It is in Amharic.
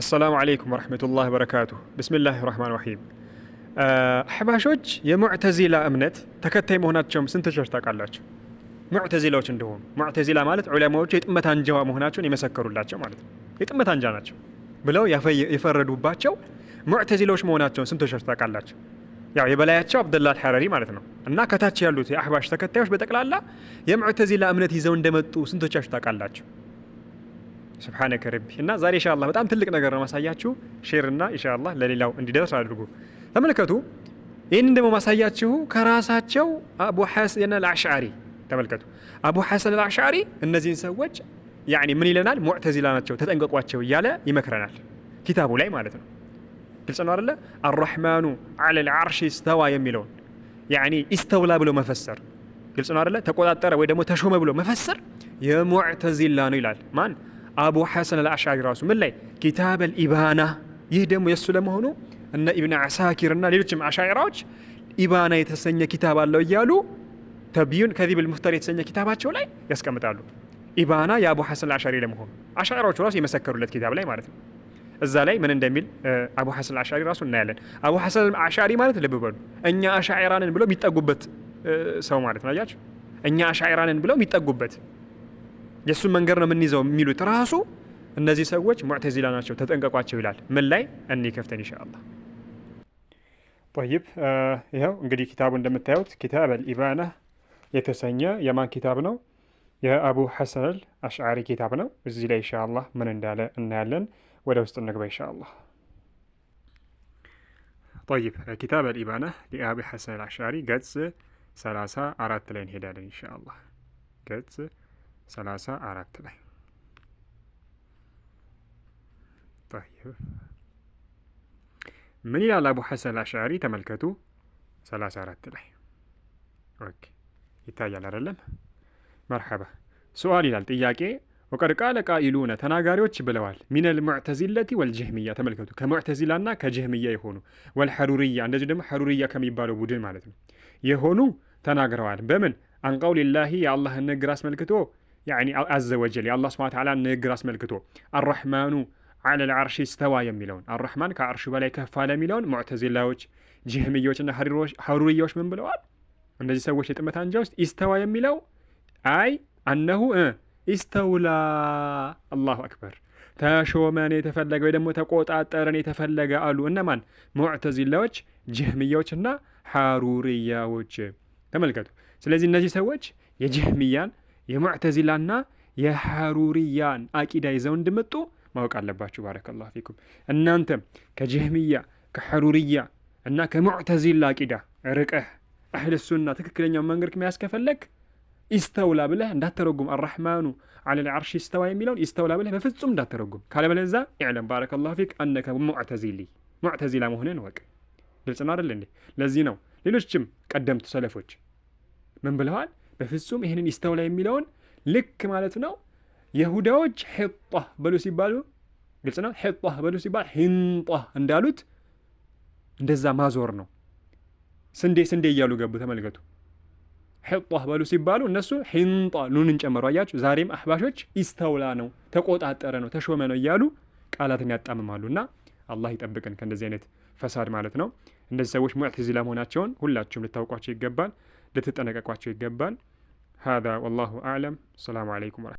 አሰላሙ አለይኩም ወረሕመቱላህ በረካቱ። ብስሚላህ ራህማን ራሂም። አሕባሾች የሙዕተዚላ እምነት ተከታይ መሆናቸውም ስንት ሸር ታውቃላችሁ? ሙዕተዚላዎች እንደሆኑ ሙዕተዚላ ማለት ዑለማዎቹ የጥመት አንጃዋ መሆናቸውን የመሰከሩላቸው ማለት ነው። የጥመት አንጃ ናቸው ብለው የፈረዱባቸው ሙዕተዚላዎች መሆናቸውን ስንት ሸር ያው የበላያቸው አብደላ አልሐረሪ ማለት ነው እና ከታች ያሉት የአሕባሽ ተከታዮች በጠቅላላ የሙዕተዚላ እምነት ይዘው እንደመጡ ስንቶቻችሁ ታውቃላቸው? ሱብሓነከ ረቢ እና ዛሬ ኢንሻአላ በጣም ትልቅ ነገር ነው ማሳያችሁ። ሼር እና ኢንሻአላ ለሌላው እንዲደርስ አድርጉ። ተመልከቱ፣ ይህንን ደግሞ ማሳያችሁ ከራሳቸው አቡ ሐሰን አልአሽዓሪ ተመልከቱ። አቡ ሐሰን አልአሽዓሪ እነዚህን ሰዎች ያኒ ምን ይለናል? ሙዕተዚላ ናቸው ተጠንቀቋቸው እያለ ይመክረናል ኪታቡ ላይ ማለት ነው። ግልጽ ነው አደለ? አረሕማኑ አለ ልዓርሽ ስተዋ የሚለውን ያኒ ኢስተውላ ብሎ መፈሰር ግልጽ ነው አደለ? ተቆጣጠረ ወይ ደግሞ ተሾመ ብሎ መፈሰር የሙዕተዚላ ነው ይላል ማን አቡ ሐሰን አልአሽዓሪ ራሱ ምን ላይ ኪታብ ኢባና ይህ ደግሞ የእሱ ለመሆኑ እነ ኢብን አሳኪር እና ሌሎችም አሻዕራዎች ኢባና የተሰኘ ኪታብ አለው እያሉ ተቢዩን ከዚብ ልሙፍተር የተሰኘ ኪታባቸው ላይ ያስቀምጣሉ። ኢባና የአቡ ሐሰን አልአሻሪ ለመሆኑ አሻዕራዎቹ ራሱ የመሰከሩለት ኪታብ ላይ ማለት ነው። እዛ ላይ ምን እንደሚል አቡ ሐሰን አልአሻሪ ራሱ እናያለን። አቡ ሐሰን አሻሪ ማለት ልብ በሉ እኛ አሻዕራንን ብለው የሚጠጉበት ሰው ማለት ነው። አያችሁ፣ እኛ አሻዕራንን ብለው የሚጠጉበት የእሱን መንገድ ነው የምንይዘው የሚሉት ራሱ እነዚህ ሰዎች ሙዕተዚላ ናቸው፣ ተጠንቀቋቸው ይላል። ምን ላይ እኔ ከፍተን ኢንሻአላ ጠይብ። ይኸው እንግዲህ ኪታቡ እንደምታዩት ኪታብ አልኢባና የተሰኘ የማን ኪታብ ነው? የአቡ ሐሰን አሽዓሪ ኪታብ ነው። እዚህ ላይ ኢንሻአላ ምን እንዳለ እናያለን። ወደ ውስጥ እንግባ ኢንሻአላ። ጠይብ ኪታብ አልኢባና የአቡ ሐሰን አሽዓሪ ገጽ አራት ላይ እንሄዳለን ኢንሻአላ ገጽ ሰላሳ አራት ላይ ምን ይላል አቡ ሐሰን አሻሪ ተመልከቱ። ሰላሳ አራት ላይ ይታያል አይደለም? መርሐባ ሱዋል ይላል ጥያቄ። ወቀድ ቃለ ቃኢሉነ ተናጋሪዎች ብለዋል። ሚነል ሙዕተዚለቲ ወልጀህምያ ተመልከቱ፣ ከሙዕተዚላና ከጀህምያ የሆኑ ወልሐሩርያ፣ እንደዚሁ ደግሞ ሐሩርያ ከሚባለው ቡድን ማለት ነው የሆኑ ተናግረዋል። በምን አንቀውሊላሂ የአላህን ንግር አስመልክቶ ያኒ አዘወጀል ወጀል የአላህ ስብሐነ ወተዓላ ንግግር አስመልክቶ አረሕማኑ አለል አርሽ ስተዋ የሚለውን አረሕማን ከአርሹ በላይ ከፍ አለ የሚለውን ሙዕተዚላዎች፣ ጅህምዮችና ሀሩርያዎች ምን ብለዋል? እነዚህ ሰዎች የጥመት አንጃ ውስጥ ኢስተዋ የሚለው አይ አነሁ ኢስተውላ አላሁ አክበር ተሾመን የተፈለገ ወይ ደግሞ ተቆጣጠረን የተፈለገ አሉ። እነማን? ሙዕተዚላዎች፣ ጅህምያዎችና ሀሩርያዎች ተመልከቱ። ስለዚህ እነዚህ ሰዎች የጅህምያን የሙዕተዚላና የሐሩርያን አቂዳ ይዘው እንደመጡ ማወቅ አለባችሁ። ባረከላሁ ፊኩም። እናንተም ከጀህምያ ከሐሩርያ እና ከሙዕተዚላ አቂዳ ርቀህ አህል ሱና ትክክለኛው መንገድ መያዝ ከፈለግ ኢስተውላ ብለህ እንዳተረጉም አራሕማኑ አለ ልዓርሽ ኢስተዋ የሚለውን ኢስተውላ ብለህ በፍጹም እንዳተረጉም። ካለበለዛ ኢዕለም ባረከላሁ ፊክ አነከ ሙዕተዚሊ ሙዕተዚላ መሆንን ወቅ። ግልጽ ነው አደለ እንዴ? ለዚህ ነው ሌሎችም ቀደምቱ ሰለፎች ምን ብለዋል? በፍጹም ይህንን ይስተውላ የሚለውን ልክ ማለት ነው። የሁዳዎች ሕጧ በሉ ሲባሉ ግልጽ ነው። ሕጧ በሉ ሲባል ሂንጧ እንዳሉት እንደዛ ማዞር ነው። ስንዴ ስንዴ እያሉ ገቡ። ተመልከቱ። ሕጧ በሉ ሲባሉ እነሱ ሂንጧ ኑንን ጨመሩ። አያችሁ። ዛሬም አህባሾች ይስተውላ ነው፣ ተቆጣጠረ ነው፣ ተሾመ ነው እያሉ ቃላትን ያጣምማሉ። እና አላህ ይጠብቀን ከእንደዚህ አይነት ፈሳድ ማለት ነው። እነዚህ ሰዎች ሙዕትዚላ መሆናቸውን ሁላችሁም ልታውቋቸው ይገባል። ልትጠነቀቋቸው ይገባል። هذا والله أعلم السلام عليكم ورحمة